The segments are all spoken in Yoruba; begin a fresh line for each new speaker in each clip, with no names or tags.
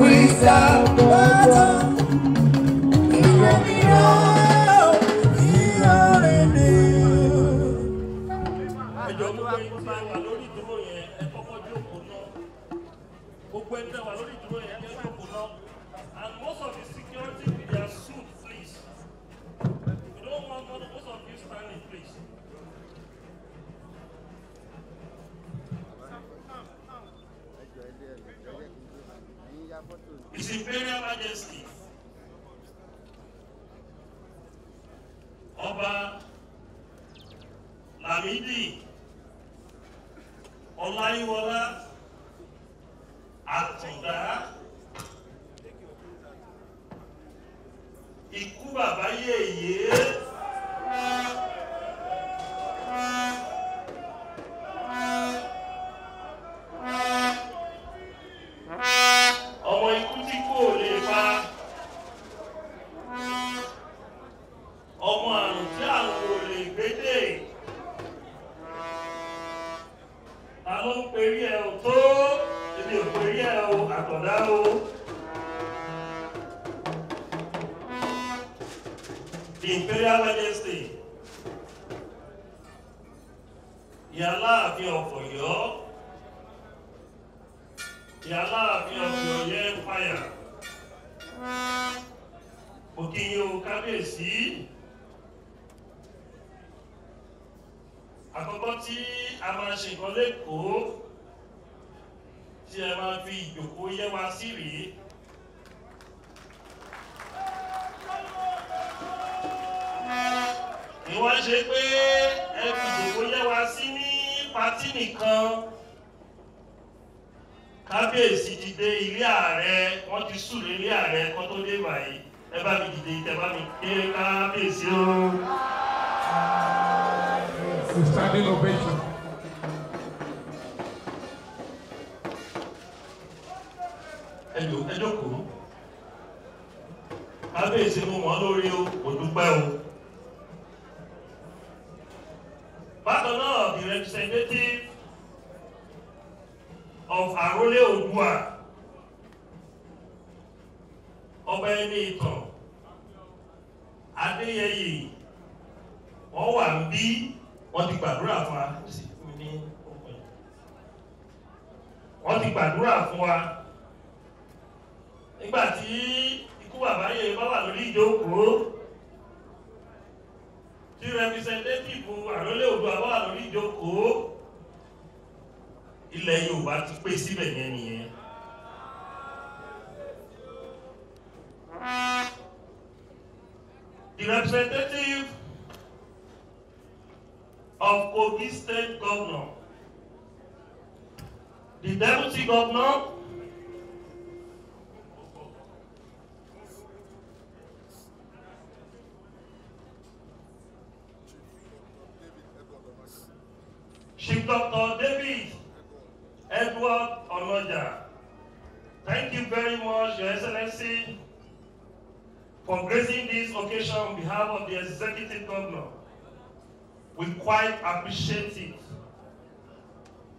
We stop. ọba Lámídì Ọláyíwọlá Àtúndá ikú bàbá yèyé. tó ń perí ẹ ò tó èmi ò perí ẹ ò àtọ̀dá o. The Imperial Majesty ìyálà àfi ọ̀pọ̀ yọ ìyálà àfi àkọ́kọ́ tí a máa ṣe nǹkan lẹ́kọ̀ọ́ tí a máa fi ìjòkó yẹ wa sí rèé. ni wọ́n ṣe pé ẹ fi ìjòkó yẹ wa sí ní patí nìkan kábíyèsí ti dé ilé ààrẹ wọ́n ti súre ilé ààrẹ kó tó dé wàyí ẹ bá mi dìde ìtẹ mi dé kábíyèsí o. a standing ovation. ẹ jókòó kábíyèsí mo mọ̀ lórí o kò o. bákan the representative of Arole Oòduà ọba ẹni ìtàn Adéyẹyè wọ́n wà ń bí. wọ́n ti gbàdúrà fún wa ní ọkọ̀ yìí wọ́n ti gbàdúrà fún wa nígbà tí ikú bàbá yẹ bá wà lórí ìjókòó tí rẹpísẹ́ńtétìfù àrólé Oòduà bá wà lórí ìjókòó ilẹ̀ Yorùbá ti pé síbẹ̀ yẹn nìyẹn. The representative of Kogi State Governor. The Deputy Governor Chief Dr. David Edward Onoja. Thank you very much, Your Excellency, for gracing this occasion on behalf of the Executive Governor. We quite appreciate it.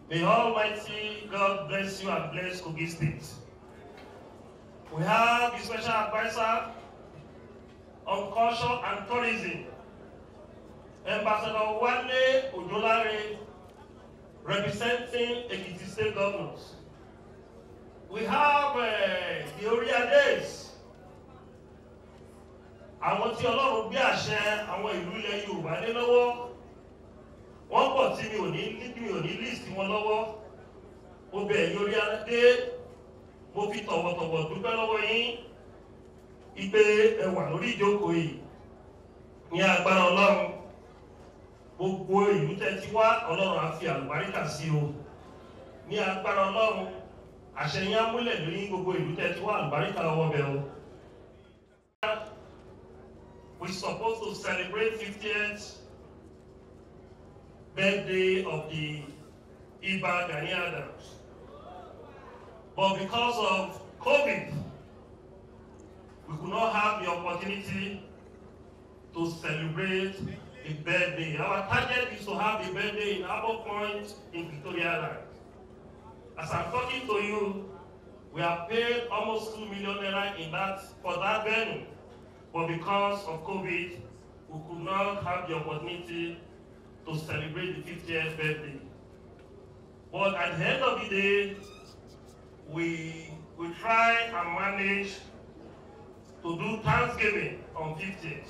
May Almighty God bless you and bless Kogi State. We have the special advisor on culture and tourism, Ambassador Wale Odolare, representing Ekiti State governors. We have uh, the Oriades, àwọn tí Ọlọ́run gbé àṣẹ àwọn ìlú ilẹ̀ Yorùbá lé lọ́wọ́ wọ́n pọ̀ tí mi ò ní mi ò ní list wọn lọ́wọ́ mo bẹ̀ ẹ̀yin orí adé mo fi tọ̀wọ̀tọ̀wọ̀ dúpẹ́ lọ́wọ́ yín ìpè ẹwà lórí ìjókòó yìí ní agbára ọlọ́run gbogbo ìlú tẹ́ wá ọlọ́run á àlùbáríkà sí o ní agbára ọlọ́run àṣẹyìn amúlẹ̀ lórí gbogbo ìlú tẹ́ wá àlùbáríkà ọwọ́ bẹ̀ o. We supposed to celebrate 50th birthday of the Iba Gani But because of COVID, we could not have the opportunity to celebrate a birthday. Our target is to have a birthday in Harbour Point in Victoria Island. As I'm talking to you, we have paid almost two million naira in that for that venue. But because of COVID, we could not have the opportunity to celebrate the 50th birthday. But at the end of the day, we, we try and manage to do Thanksgiving on 50th.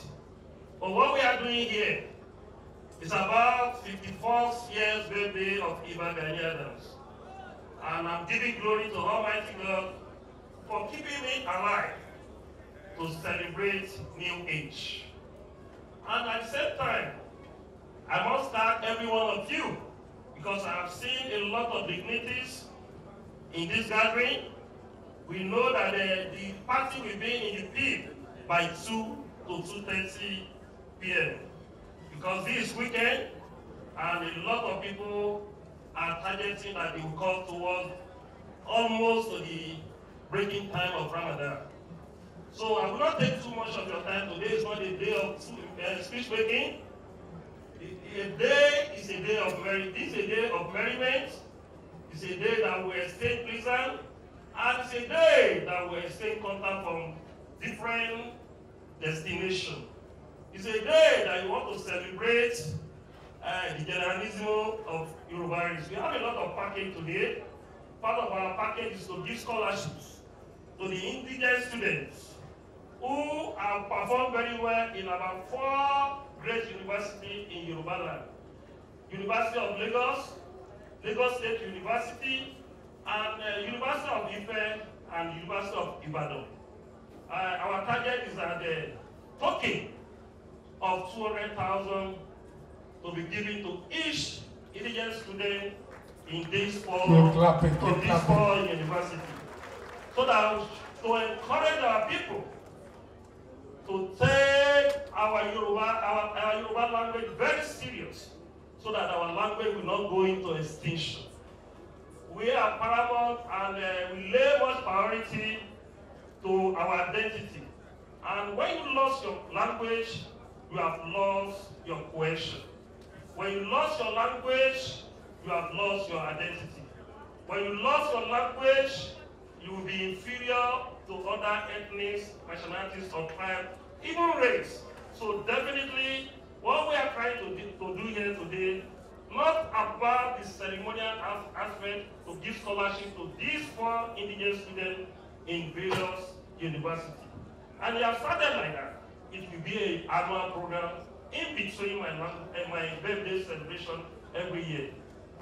But what we are doing here is about 54 st year's birthday of Eva Gani And I'm giving glory to Almighty God for keeping me alive to celebrate new age. And at the same time, I must thank every one of you because I have seen a lot of dignities in this gathering. We know that the, uh, the party will be in the peak by 2 to 2.30 p.m. Because this weekend, and a lot of people are targeting that they will come towards almost the breaking time of Ramadan. So I will not take too much of your time. Today is not a day of uh, speech making. a day is a day of This is a day of merriment. It's a day that we exchange present. And it's a day that we exchange contact from different destinations. It's a day that you want to celebrate uh, the generalismo of Eurobaris. We have a lot of package today. Part of our package is to give scholarships to the indigenous students who have performed very well in about four great university in Yoruba land. University of Lagos, Lagos State University, and uh, University of Ife and University of Ibadan. Uh, our target is at the uh, token of 200,000 to be given to each indigent student in this four, clapping, in these four universities. So that to encourage our people to take our, our Yoruba language very serious so that our language will not go into extinction. We are paramount and uh, we lay much priority to our identity. And when you lost your language, you have lost your cohesion. When you lost your language, you have lost your identity. When you lost your language, you will be inferior to other ethnic nationalities or tribes, even race. So definitely, what we are trying to do, to do here today, not about the ceremonial aspect to give scholarship to these four indigenous students in various universities. And we have started like that. It will be an annual program in between my, eh, my birthday celebration every year.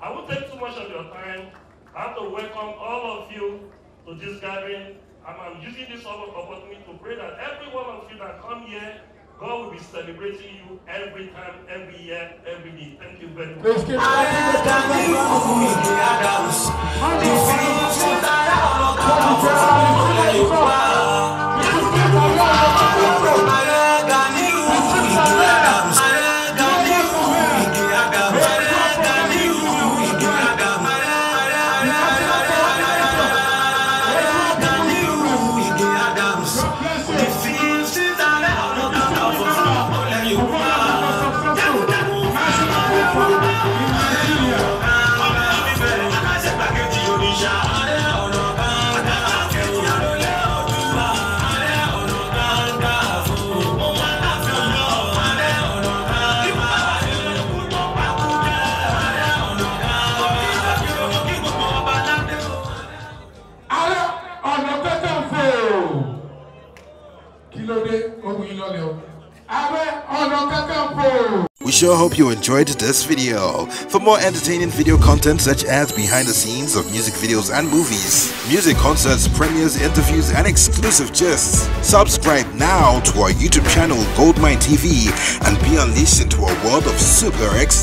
I won't take too much of your time. I have to welcome all of you to this gathering. And I'm using this opportunity to pray that every one of you that come here God will be celebrating you every time, every year, every day. Thank you very much. We sure hope you enjoyed this video. For more entertaining video content such as behind the scenes of music videos and movies, music concerts, premieres, interviews and exclusive gists, subscribe now to our YouTube channel Goldmine TV and be unleashed into a world of super excitement.